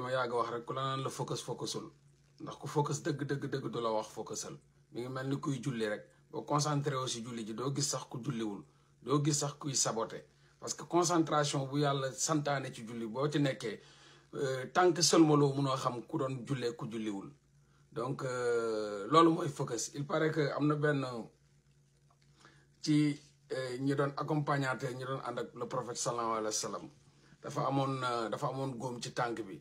dama yàgg wax rek ku la naan la focus focusul ndax ku focus dëgg dëgg dëgg du la wax focusal mu ngi mel ni kuy julli rek boo concentré aussi julli ji doo gis sax ku julliwul doo gis sax kuy saboté parce que concentration bu yàlla santaane ci julli boo ci nekkee tant que mun munoo xam ku doon jullee ku julliwul donc euh, loolu mooy focus il pare que am na benn ci euh, ñi doon accompagnateur ñi doon ànd ak le prophète sallallahu alayhi wa dafa amoon euh, dafa amoon góom ci tànk bi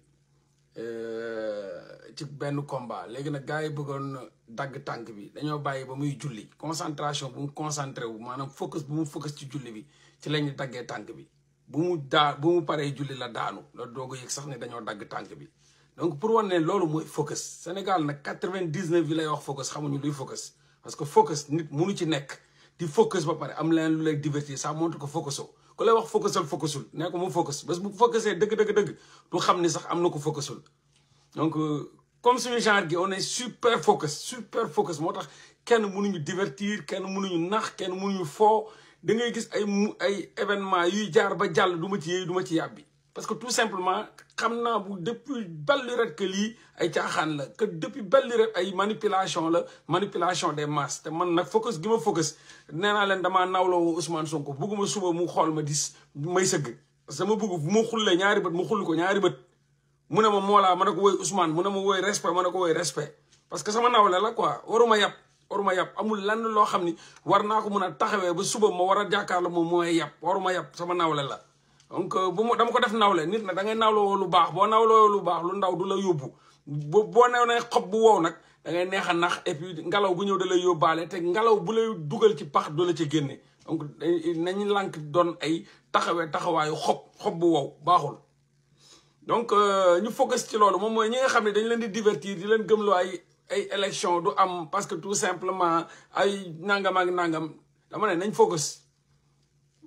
Euh, ci benn combat léegi nag gars yi bëggoon dagg tànk bi dañoo bàyyi ba muy julli concentration bu mu concentré wu maanaam focus bu mu focus ci julli bi ci lañu daggee tànk bi bu mu daa bu mu paree julli la daanu la doog a yëg sax ne dañoo dagg tànk bi donc pour wan ne loolu mooy focus Sénégal nag quatre-vingt-dix-neuf yi lay wax focus xamuñu luy focus parce que focus nit munu ci nekk di focus ba pare am leen lu lay divertir ça montre que focuso ku lay wax focusal focusul nee ko mu focus bés bu focusé dëgg dëgg dëgg du xam ni sax am na ko focusul donc euh, comme suñu genre gi on est super focus super focus moo tax kenn mënuñu divertir kenn mënuñu nax kenn ñu foo da ngay gis ay ay événement yuy jaar ba jàll du ma ci yéey du ma ci yàbbi parce que tout simplement xam naa bu depuis belle lurette que lii ay caaxaan la que depuis belle lurette ay manipulation la manipulation des masses te man nag focus gi ma focus nee naa leen damaa nawloo woo Ousmane Sonko bugguma suba mu xool ma dis may sëgg sama que ma bugg mu xullee ñaari bët mu xull ko ñaari bët mu ne ma moolaa ma ne ko woy Ousmane mu ne ma woy respect ma ne ko woy respect parce que sama nawle la quoi waruma yàpp waruma yàpp amul lan loo xam ni war naa ko mun a taxawee ba suba ma war a jàkkaarloo moom mooy yàpp waruma yàpp sama nawle la donc euh, bu mu dama ko def nawle nit na da ngay nawloo lu baax boo nawloo lu baax lu ndaw du la yóbbu bu boo new ne xob bu wow nag da ngay neex a nax ngelaw bu ñëw da lay yóbbaale te ngelaw bu lay dugal ci pax du la ci génne donc nañu lànk doon ay taxawee taxawaayu xob xob bu wow baaxul donc euh, ñu focus ci loolu moom mooy ñi nga xam ne dañ leen di divertir di leen gëmloo ay ay élection du am parce que tout simplement ay nangam ak nangam dama ne nañ focus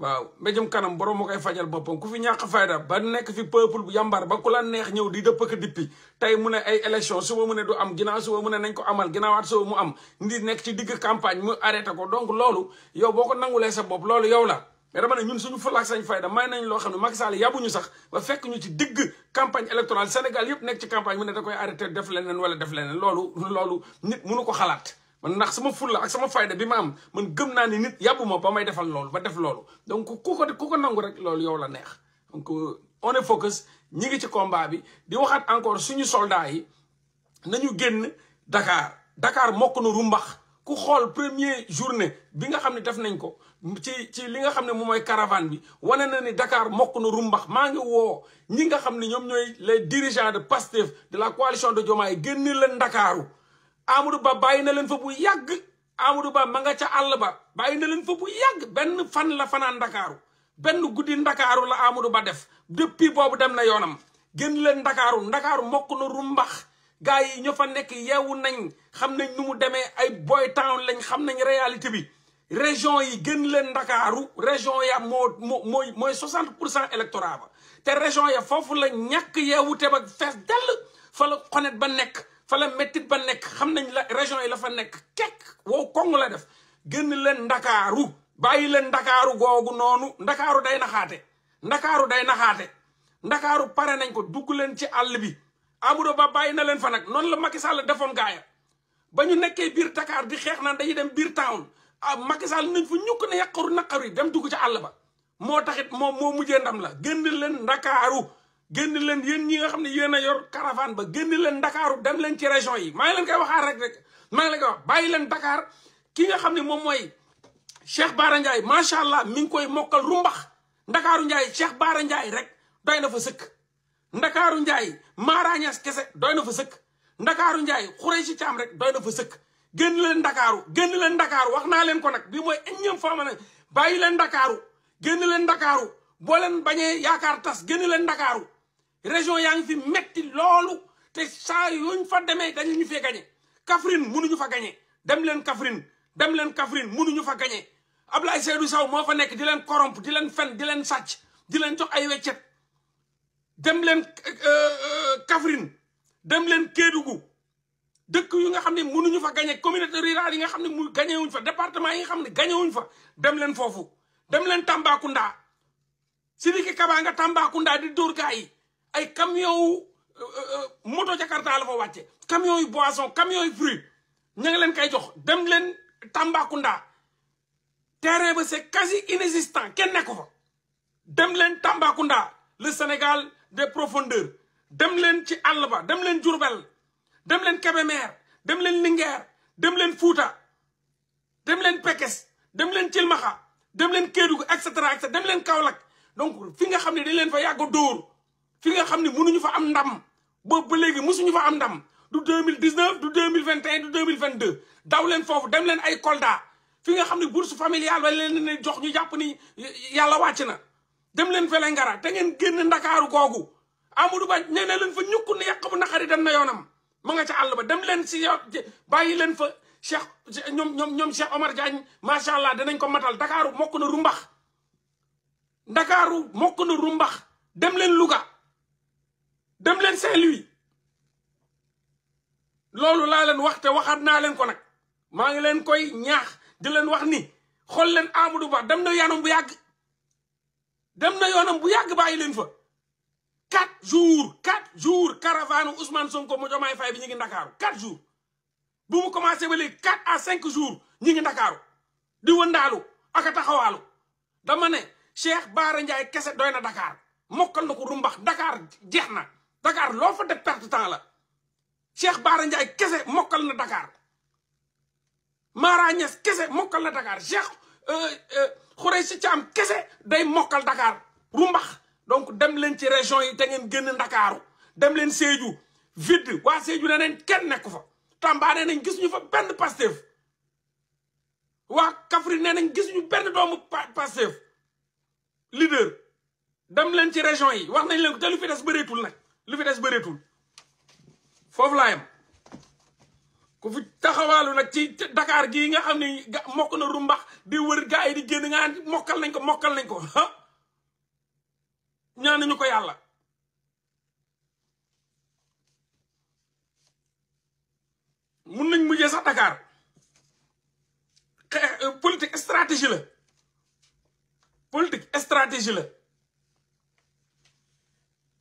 waaw mbéjum kanam borom ma koy fajal boppam ku fi ñàkk fayda ba nekk fi peuple bu yàmbar ba ku la neex ñëw di dëpp ak dippi tey mu ne ay élection suba mu ne du am ginnaaw suba mu ne nañ ko amal ginnaawaat suba mu am ndi nekk ci digg campagne mu arrêté ko donc loolu yow boo ko nangulee sa bopp loolu yow la mais dama ne ñun suñu fulaak sañ fayda may nañ loo xam ne Macky Sall yabuñu sax ba fekk ñu ci digg campagne électorale Sénégal yëpp nekk ci campagne mu ne da koy arrêté def leneen wala def leneen loolu loolu nit mënu ko xalaat man ndax sama fulla ak sama fayda bi ma am man gëm naa ni nit yàbbu ma ba may defal loolu ba def loolu donc ku ko ku ko nangu rek loolu yow la neex donc euh, on est focus ñi ngi ci combat bi di waxaat encore suñu soldats yi nañu génn Dakar Dakar mokk na rumbax ku xool premier journée bi nga xam ne def nañ ko ci ci li nga xam ne moom mooy caravane bi wane na ni Dakar mokk na rumbax maa ngi woo ñi nga xam ne ñoom ñooy les dirigent de Pastef de la coalition de Diomaye génn leen Ndakaaru Amadou Ba bàyyi na leen fa bu yàgg Amadou Ba ma nga ca àll ba bàyyi na leen fa bu yàgg benn fan la fanaan ndakaaru benn guddi ndakaaru la Amadou Ba def depuis boobu dem na yoonam génn leen ndakaaru ndakaaru mokk na rumbax gars yi ñoo fa nekk yeewu nañ xam nañ nu mu demee ay boy town lañ xam nañ réalité bi région yi gën leen ndakaaru région ya moo moo mooy mooy pour cent électorat ba te région ya foofu la ñàkk yeewute ba fees dell fa la xonet ba nekk fa la méttit ba nekk xam nañ la région yi la fa nekk kekk wow koŋ la def génn leen ndakaaru bàyyi leen ndakaaru googu noonu ndakaaru day naxaate ndakaaru day naxaate ndakaaru pare nañ ko dugg leen ci àll bi Amadou Ba bàyyi na leen fa nag noonu la Macky Sall defoon gaaya ba ñu nekkee biir Dakar di xeex naan dañuy dem biir town ah Macky Sall nañ fa ñukk ne yàqaru naqaru yi dem dugg ci àll ba moo taxit moom moo mujjee ndam la génn leen ndakaaru génn leen yéen ñi nga xam ne yéen a yor caravane ba génn leen ndakaaru dem leen ci région yi maa ngi leen koy waxaat rek rek maa ngi leen koy wax bàyyi leen Dakar ki nga xam ne moom mooy Cheikh Bara Ndiaye macha allah mi ngi koy mokkal rumbax ndakaaru Ndiaye Cheikh Bara Ndiaye rek doy na fa sëkk ndakaaru Ndiaye maaraañas kese doy na fa sëkk ndakaaru Ndiaye xuree si caam rek doy na fa sëkk génn leen ndakaaru génn leen ndakaaru wax naa leen ko nag bi mooy énième fois ma ne bàyyi leen ndakaaru génn leen ndakaaru boo leen bañee yaakaar tas génn leen ndakaaru région yaa ngi fi metti loolu te saa yuñ fa demee dañu ñu fee gañe Kaffrine mënuñu fa gañee dem leen Kaffrine dem leen Kaffrine mënuñu fa gañe Ablaye Seydou Sow fa nekk di leen corrompre di leen fen di leen sàcc di leen jox ay weccet dem leen euh, euh, Kaffrine dem leen Kédougou dëkk yu nga xam ne mënuñu fa gañe communauté rurale yi nga xam ne mu gañewuñ fa département yi nga xam ne gañewuñ fa dem leen foofu dem leen Tambacounda Sidiki Kaba nga Tambacounda di dóor gaa yi ay camion wu euh, euh, moto Jakarta la fa wàcce camion yu boisson camion yu fruit ña ngi leen koy jox dem leen Tambacounda terrain ba c'est quasi inexistant kenn nekku fa dem leen Tambacounda le Sénégal des profondeurs dem leen ci àll ba dem leen Diourbel dem leen Kébémer dem leen Linguère dem leen fuuta dem leen Pekes dem leen Cilmaxa dem leen Kédougou et cetera dem leen Kaolack donc fi nga xam ne dañ leen fa yàgg a fi nga xam ne mënuñu fa am ndam boobu ba léegi mësuñu fa am ndam du deux mille dix neuf du deux mille vingt et un du deux mille vingt deux daw leen foofu dem leen ay Kolda fi nga xam ne bourse familiale wala leen ne jox ñu jàpp ni yàlla wàcc na dem leen Vélingara te ngeen génn ndakaaru googu Amadou Ba nee na leen fa ñukku ne yàq bu naqari dem na yoonam ma nga ca àll ba dem leen si bàyyi leen fa Cheikh ñoom ñoom ñoom Cheikh Omar Diagne macha allah danañ ko matal Dakaaru mokk na rumbax Dakaaru mokk na rumbax dem leen Louga dem leen saint loolu laa leen wax te waxaat naa leen ko nag maa ngi leen koy ñaax di leen wax ni xool leen Amadou Ba dem na yoonam bu yàgg dem na yoonam bu yàgg bàyyi leen fa quatre jours quatre jours caravane Ousmane Sonko mu Diomaye Faye bi ñu ngi Ndakaaru quatre jours bu mu commencé ba léegi quatre à cinq jours ñu ngi Ndakaaru di wëndaalu ak taxawaalu dama ne Cheikh Baara Ndiaye kese doy na Dakar mokkal na ko rumbax Dakar jeex na Dakar loo fa def perte temps la Cheikh Baara Ndiaye kese mokkal na dakaar Mara Niass kese mokkal na Dakar Cheikh euh, euh, Khoureyssi Thiam kese day mokkal Dakar rumbax donc dem leen ci région yi te ngeen génn Ndakaaru dem leen Sédhiou vide waa Sédhiou ne neen kenn nekk fa Tamba nee nañ gisuñu fa benn Pastef waa Kaffrine ne nañ gisuñu benn doomu Pastef leader dem leen ci région yi wax nañ leen ko te lu fi des bëreetul nag lu fi des bëreetul foofu laa yem ku fi taxawaalu nag ci dakaar gi nga xam ne mokk na rumbax di wër gaa yi di génn nga mokkal nañ ko mokkal nañ ko ah ñaan nañu ko yàlla mun nañ mujjee sax Dakar politique stratégie la politique stratégie la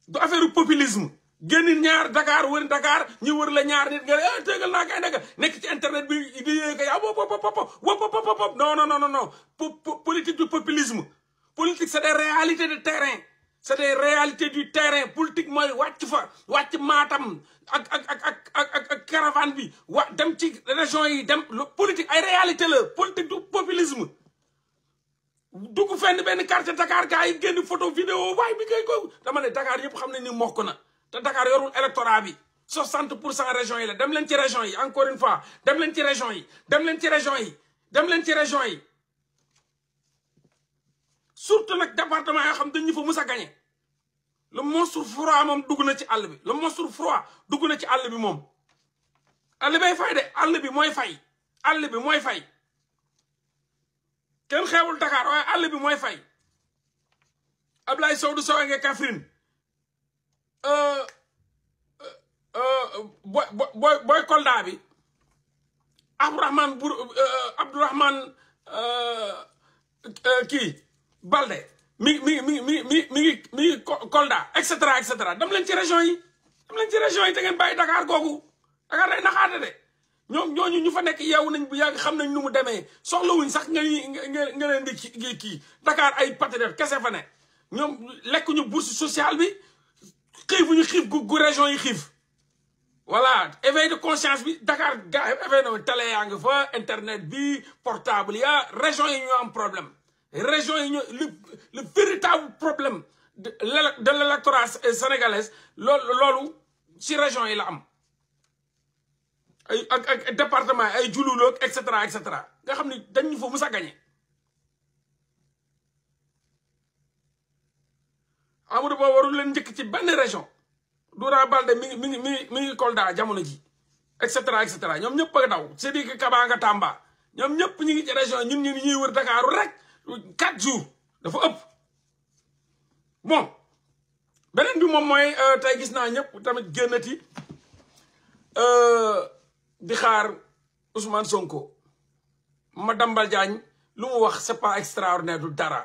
du affaire populisme génn ñaar Dakar wër Dakar ñu wër la ñaar nit nga ne eh, tegal naa kay nekk nekk ci internet bi di yéeg a yow wop wop wop wop non non non non politique du populisme politique c'est des réalités terrain c'est des réalités du terrain politique mooy wàcc fa wàcc maatam ak ak ak ak ak caravane bi wa dem ci région yi dem politique ay réalité la politique du populisme. dugg fenn benn quartier Dakar ka yi génn photo vidéo waaye bi kay ko dama ne Dakar yëpp xam ne ni mokk na te Dakar yorul électorat bi 60 pour cent région yi la dem leen ci région yi encore une fois dem leen ci région yi dem leen ci région yi dem leen ci région yi surtout nag département yoo xam dañu fa mus a gagné le monstre froid moom dugg na ci àll bi le monstre froid dugg na ci àll bi moom àll bay fay de àll bi mooy fay àll bi mooy fay kenn xewul Dakar waaye àll bi mooy fay Ablaye Sow du sowee nga Kaffrine boy boy boy Kolda bi Abdourahman Bour euh, euh, Abdourahman euh, kii Balde mi mi mi mi mi mi mi Kolda et cetera et cetera dem leen ci région yi dem leen ci région yi te ngeen bàyyi Dakar kooku Dakar day naxaate de ñoom ñooñu ñu fa nekk yeewu nañ bu yàgg xam nañ nu mu demee soxlawuñ sax nga nga leen di kii kii Dakar ay patriote kese fa ne ñoom lekk ñu bourse sociale bi xiifuñu xiif gu gu région yi xiif wala éveil de conscience bi Dakar ga éveil na télé yaa fa internet bi portable ya région yi ñoo am problème région yi ñoo le le véritable problème de l'électorat sénégalaise loolu loolu ci région yi la am ay ak ak département ay jululoog et cetera et nga xam ni dañ ñu fa mus a gañe Amadou Ba warul leen njëkk ci benn région Doura Balde mi ngi mi ngi mi mi ngi Kolda jamono ji et cetera et ñoom ñëpp a daw Sidiki Kaba nga Tamba ñoom ñëpp ñu ngi ci région ñun ñu ñuy wër Dakar rek quatre jours dafa ëpp bon beneen bi moom mooy euh, te gis naa ñëpp tamit génnati euh, di xaar Ousmane Sonko ma dambal jaañ lu mu wax c'est pas extraordinaire du dara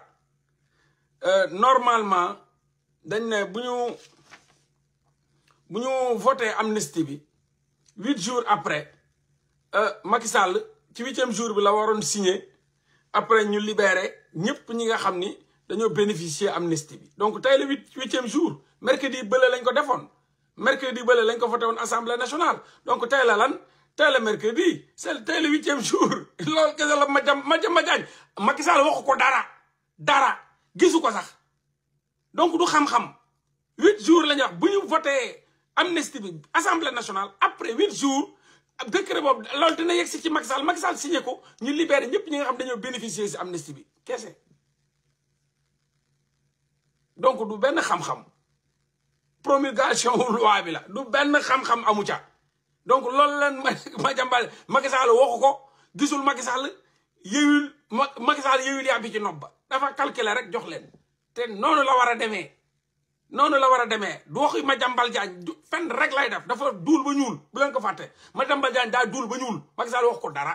euh, normalement dañ ne bu ñu bu ñu voté amnistie bi huit jours après euh, Macky Sall ci huitième jour bi la waroon signé après ñu libéré ñëpp ñi nga xam ni dañoo bénéficier amnistie bi donc tey la huit huitième jour mercredi bële lañ ko defoon mercredi bële lañ ko voté woon assemblée nationale donc tey lan tey la mercredi c'est tey le huitième jour loolu kese la ma jam ma jam ma jaañ Macky Sall waxu ko dara dara gisu ko sax donc du xam-xam huit jours la ñu wax bu ñu voté amnistie bi assemblée nationale après huit jours décret boobu loolu dina yegg si ci Macky Sall Macky Sall signé ko ñu libéré ñëpp ñi nga xam dañoo bénéficier si amnistie bi kese donc du benn xam-xam promulgation loi bi la du benn xam-xam amu ca donc loolu leen Madiambal Macky Sall waxu ko gisul Macky Sall yëyul Macky Sall yëyul yaa bi ci nopp ba dafa calculer rek jox leen te noonu la war a demee noonu la war a demee du waxi Madiambal Diagne fenn rek lay def dafa duul ba ñuul bu leen ko fàtte Madiambal Diagne daa duul ba ñuul Macky Sall wax ko dara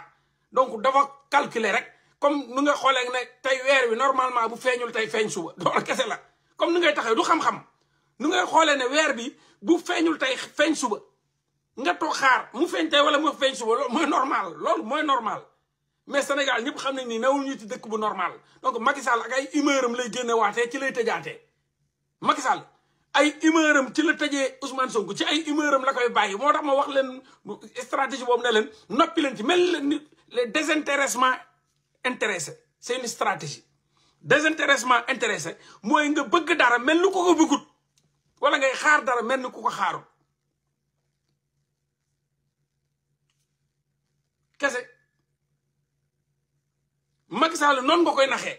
donc dafa calculer rek comme nu nga xoolee ne tey weer wi normalement bu feeñul tey feeñ suba loolu kese la comme ni ngay taxee du xam-xam nu ngay xoolee ne weer bi bu feeñul tey feeñ suba nga toog xaar mu feeñ tey wala mu feeñ suba loolu mooy normal lool mooy normal mais Sénégal ñëpp xam nañ nii newul ñu ci dëkk bu normal donc Macky Sall ak ay humeur am lay génne waatee ci lay tëjaatee Macky Sall ay humeur am ci la tëjee Ousmane Sonko ci ay humeur am la koy bàyyi moo tax ma wax leen stratégie boobu ne leen noppi leen ci mel leen ni le désintéressement intéressé c'est une stratégie désintéressement intéressé mooy nga bëgg dara mel ni ku ko bëggut wala ngay xaar dara mel ni ku ko kese Macky Sall noonu nga koy naxee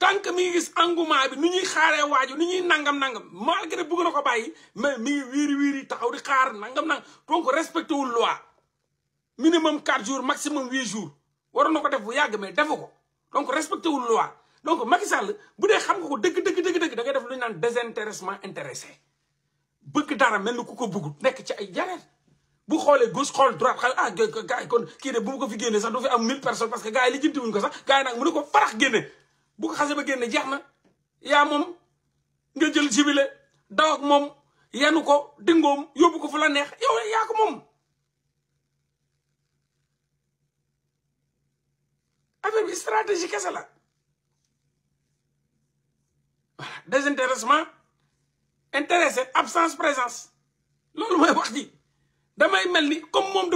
tant que mi ngi gis engouement bi ni ñuy xaaree waaju ni ñuy nangam nangam malgré bëgg na ko bàyyi mais mi ngi wiiri wiiri taxaw di xaar nangam nangam donc respecté wul loi minimum 4 jours maximum 8 jours war na ko def bu yàgg mais defu ko donc respecté wul loi donc Macky Sall bu dee xam nga ko dëgg dëgg dëgg dëgg da ngay def lu ñu naan désintéressement intéressé bëgg dara mel ni ku ko bëggut nekk ci ay jareet bu xoolee gauche xool droite xam ah gars kon kii de bu ma ko fi génnee sax du fi am mille personnes parce que gars yi li jëntiwuñ ko sax gars yi nag mu ne ko farax génne bu ko xase ba génne jeex na yaa moom nga jël jibile daw moom yenu ko dingoom yóbbu ko fu la neex yow yaa ko moom affaire bi stratégie kese la désintéressement intéressé absence présence loolu mooy wax ji damay mel ni comme moom